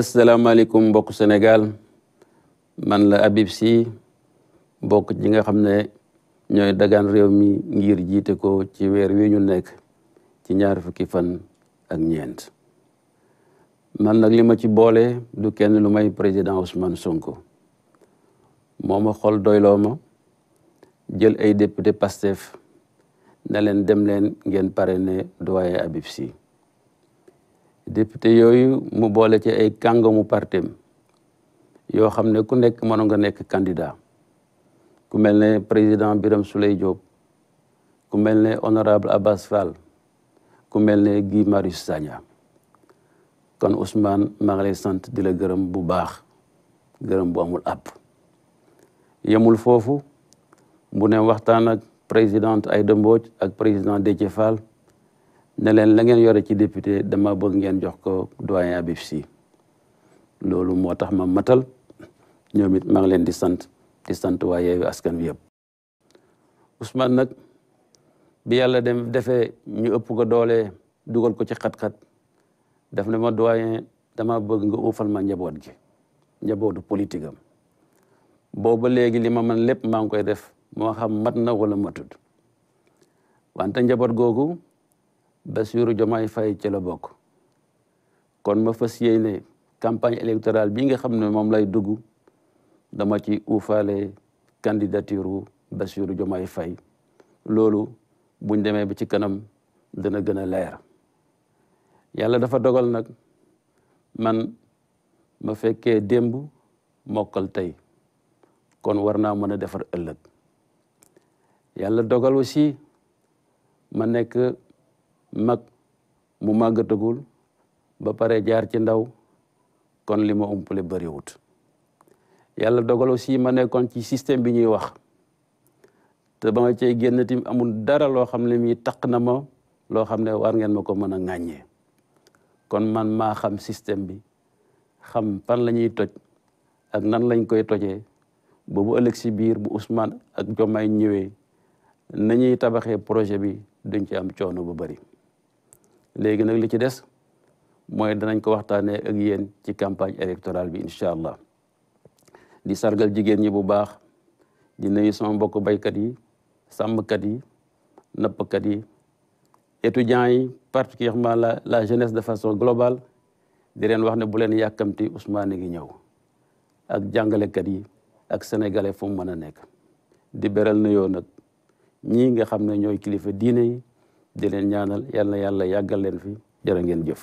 asalaamaaleykum mbokk Sénégal man la Habib Sy bokk ci nga xam ne ñooy dagaan réew mi ngir jiite ko ci weer wi ñu nekk ci ñaar fukki fan ak ñeent man nag li ma ci boole du kenn lu may président Ousmane Sonko moo ma xol doyloo ma jël ay député Pastef ne leen dem leen ngeen pare doyen Habib Sy député yooyu mu boole ci ay kàngamu partem yoo xam ne ku nekk mënoon nga nekk candidat ku mel ne président biram Souleye Diop ku mel ne honorable Abbas Fall ku mel ne Guy Marius Sagna kon Ousmane maa ngi lay sant di la gërëm bu baax gërëm bu amul àpp yemul foofu mu ne waxtaan ak présidente Aïda Mbodj ak président Déthié Fall ne leen la ngeen yore ci député dama bëgg ngeen jox ko doyen Habib Sy loolu moo tax ma matal ñoom it maa leen di sant di sant waa Yewwi Askan Wi yëpp usman nag bi yàlla dem defee ñu ëpp ko doole dugal ko ci xat-xat daf ne ma doyen dama bëgg nga uufal ma njaboot gi njabootu politique am booba léegi li ma man lépp maa ngi koy def moo xam mat na wala matut wante njaboot googu Bassirou Diomaye Faye ci la bokk kon ma fas yéene campagne électorale bi nga xam ne moom lay dugg dama ci uufaale candidature u Bassirou Diomaye Faye loolu buñ demee ba ci kanam dana gën a leer yàlla dafa dogal nag man ma fekkee démb mokkal tey kon war naa mën a defar ëllëg yàlla dogal aussi ma nekk mag mu màggatagul ba pare jaar ci ndaw kon li ma umpale bëriwut yàlla dogal aussi ma nekkoon ci système bi ñuy wax te ba ma cey génn tim amul dara loo xam ne mii taq na ma loo xam ne war ngeen ma ko mën a ŋàññee kon man maa xam système bi xam fan la toj ak nan lañ koy tojee ba bu ëllëg si biir bu Ousmane ak Diomaye ñëwee nañuy tabaxe projet bi duñ ci am coono bu bari léegi nag li ci des mooy danañ ko waxtaanee ak yéen ci campagne électorale bi incha allah di sargal jigéen ñi bu baax di nuyu sama mbokk baykat yi sàmmkat yi nappkat yi étudiants yi particulièrement la la jeunesse de façon globale di leen wax ne bu leen yàkkamti Ousmane ngi ñëw ak jàngalekat yi ak sénégalais fu mu mën a nekk di beral nuyoo nag ñi nga xam ne ñooy kilifa diine yi di leen ñaanal yal na yàlla yàggal leen fi jërë ngeen jëf